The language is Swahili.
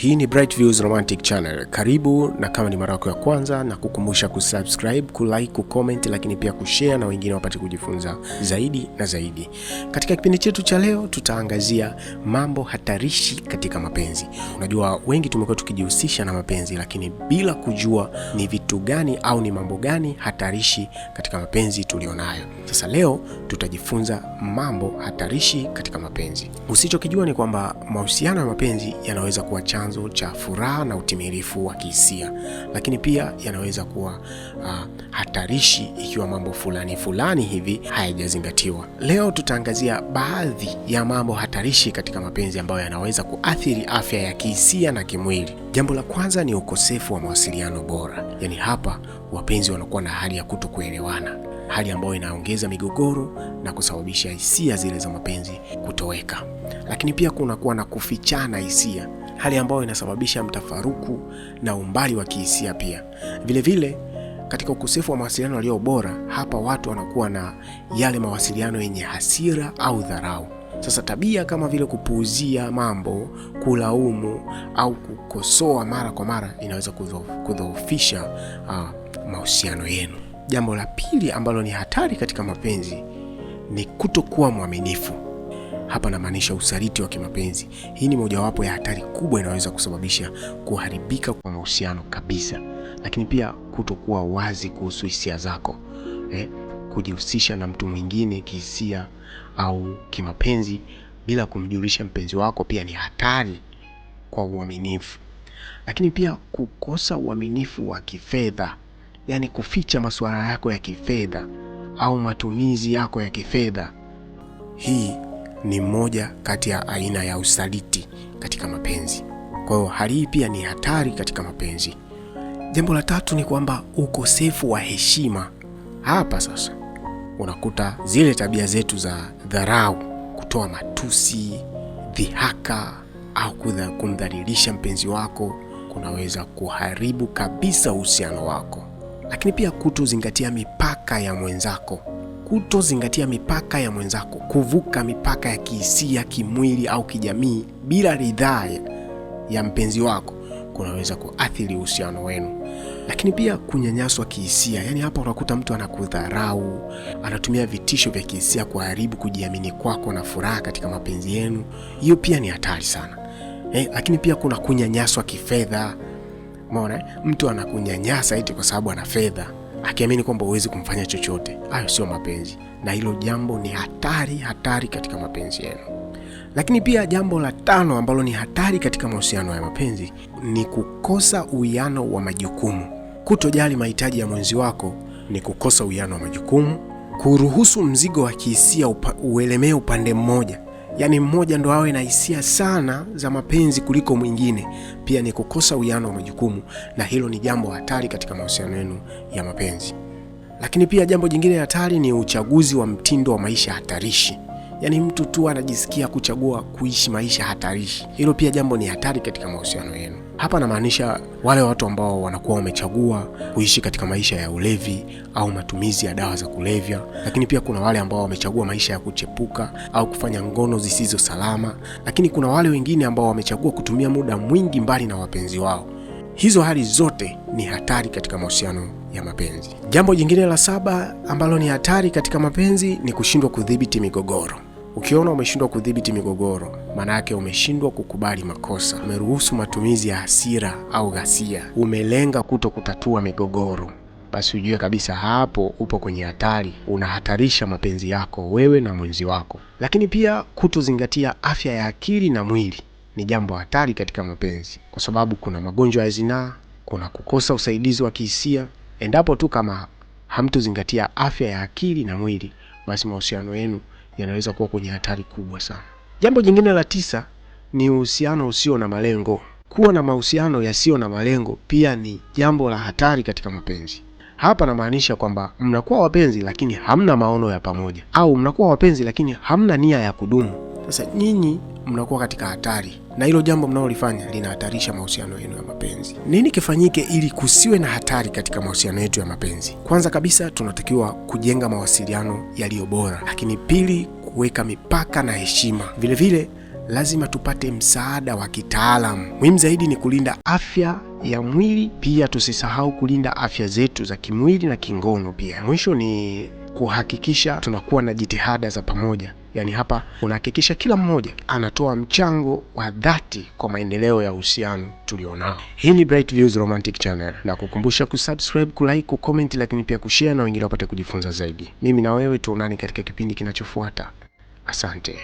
Hii ni Bright Views Romantic Channel. Karibu, na kama ni mara yako ya kwanza, na kukumbusha kusubscribe, kulike, kucomment, lakini pia kushare na wengine wapate kujifunza zaidi na zaidi. Katika kipindi chetu cha leo, tutaangazia mambo hatarishi katika mapenzi. Unajua, wengi tumekuwa tukijihusisha na mapenzi, lakini bila kujua ni vitu gani au ni mambo gani hatarishi katika mapenzi tulionayo. Sasa leo tutajifunza mambo hatarishi katika mapenzi. Usichokijua ni kwamba mahusiano ya mapenzi yanaweza kuwa chanzo chanzo cha furaha na utimilifu wa kihisia, lakini pia yanaweza kuwa uh, hatarishi ikiwa mambo fulani fulani hivi hayajazingatiwa. Leo tutaangazia baadhi ya mambo hatarishi katika mapenzi ambayo yanaweza kuathiri afya ya kihisia na kimwili. Jambo la kwanza ni ukosefu wa mawasiliano bora, yaani hapa wapenzi wanakuwa na hali ya kutokuelewana hali ambayo inaongeza migogoro na kusababisha hisia zile za mapenzi kutoweka. Lakini pia kunakuwa na kufichana hisia, hali ambayo inasababisha mtafaruku na umbali wa kihisia. Pia vilevile katika ukosefu wa mawasiliano yaliyo bora, hapa watu wanakuwa na yale mawasiliano yenye hasira au dharau. Sasa tabia kama vile kupuuzia mambo, kulaumu au kukosoa mara kwa mara inaweza kudhoofisha uh, mahusiano yenu. Jambo la pili ambalo ni hatari katika mapenzi ni kutokuwa mwaminifu. Hapa namaanisha usaliti wa kimapenzi. Hii ni mojawapo ya hatari kubwa inaweza kusababisha kuharibika kwa mahusiano kabisa, lakini pia kutokuwa wazi kuhusu hisia zako eh, kujihusisha na mtu mwingine kihisia au kimapenzi bila kumjulisha mpenzi wako pia ni hatari kwa uaminifu. Lakini pia kukosa uaminifu wa kifedha, yaani kuficha masuala yako ya kifedha au matumizi yako ya kifedha hii ni moja kati ya aina ya usaliti katika mapenzi. Kwa hiyo hali hii pia ni hatari katika mapenzi. Jambo la tatu ni kwamba ukosefu wa heshima. Hapa sasa unakuta zile tabia zetu za dharau, kutoa matusi, dhihaka au kumdhalilisha mpenzi wako kunaweza kuharibu kabisa uhusiano wako, lakini pia kutozingatia mipaka ya mwenzako kutozingatia mipaka ya mwenzako, kuvuka mipaka ya kihisia, kimwili au kijamii bila ridhaa ya mpenzi wako kunaweza kuathiri uhusiano wenu. Lakini pia kunyanyaswa kihisia, yaani hapa unakuta mtu anakudharau, anatumia vitisho vya kihisia kuharibu kujiamini kwako na furaha katika mapenzi yenu. Hiyo pia ni hatari sana eh. Lakini pia kuna kunyanyaswa kifedha, umeona eh? mtu anakunyanyasa eti kwa sababu ana fedha akiamini kwamba huwezi kumfanya chochote. Hayo sio mapenzi, na hilo jambo ni hatari, hatari katika mapenzi yenu. Lakini pia jambo la tano ambalo ni hatari katika mahusiano ya mapenzi ni kukosa uwiano wa majukumu. Kutojali mahitaji ya mwenzi wako ni kukosa uwiano wa majukumu, kuruhusu mzigo wa kihisia upa, uelemee upande mmoja yaani mmoja ndo awe na hisia sana za mapenzi kuliko mwingine, pia ni kukosa uwiano wa majukumu, na hilo ni jambo hatari katika mahusiano yenu ya mapenzi. Lakini pia jambo jingine hatari ni uchaguzi wa mtindo wa maisha hatarishi, yaani mtu tu anajisikia kuchagua kuishi maisha hatarishi. Hilo pia jambo ni hatari katika mahusiano yenu. Hapa namaanisha wale watu ambao wanakuwa wamechagua kuishi katika maisha ya ulevi au matumizi ya dawa za kulevya, lakini pia kuna wale ambao wamechagua maisha ya kuchepuka au kufanya ngono zisizo salama, lakini kuna wale wengine ambao wamechagua kutumia muda mwingi mbali na wapenzi wao. Hizo hali zote ni hatari katika mahusiano ya mapenzi. Jambo jingine la saba ambalo ni hatari katika mapenzi ni kushindwa kudhibiti migogoro. Ukiona umeshindwa kudhibiti migogoro, maana yake umeshindwa kukubali makosa, umeruhusu matumizi ya hasira au ghasia, umelenga kuto kutatua migogoro, basi ujue kabisa hapo upo kwenye hatari, unahatarisha mapenzi yako wewe na mwenzi wako. Lakini pia kutozingatia afya ya akili na mwili ni jambo hatari katika mapenzi, kwa sababu kuna magonjwa ya zinaa, kuna kukosa usaidizi wa kihisia. Endapo tu kama hamtozingatia afya ya akili na mwili, basi mahusiano yenu yanaweza kuwa kwenye hatari kubwa sana. Jambo jingine la tisa ni uhusiano usio na malengo. Kuwa na mahusiano yasiyo na malengo pia ni jambo la hatari katika mapenzi. Hapa namaanisha kwamba mnakuwa wapenzi lakini hamna maono ya pamoja, au mnakuwa wapenzi lakini hamna nia ya kudumu. Sasa nyinyi mnakuwa katika hatari, na hilo jambo mnalolifanya linahatarisha mahusiano yenu ya mapenzi. Nini kifanyike ili kusiwe na hatari katika mahusiano yetu ya mapenzi? Kwanza kabisa, tunatakiwa kujenga mawasiliano yaliyo bora, lakini pili, kuweka mipaka na heshima. Vilevile lazima tupate msaada wa kitaalamu. Muhimu zaidi ni kulinda afya ya mwili, pia tusisahau kulinda afya zetu za kimwili na kingono. Pia mwisho ni kuhakikisha tunakuwa na jitihada za pamoja Yaani hapa unahakikisha kila mmoja anatoa mchango wa dhati kwa maendeleo ya uhusiano tulionao. Hii ni Bright Views Romantic Channel, na kukumbusha kusubscribe, kulike, kucomment, lakini pia kushare na wengine wapate kujifunza zaidi. Mimi na wewe tuonane katika kipindi kinachofuata. Asante.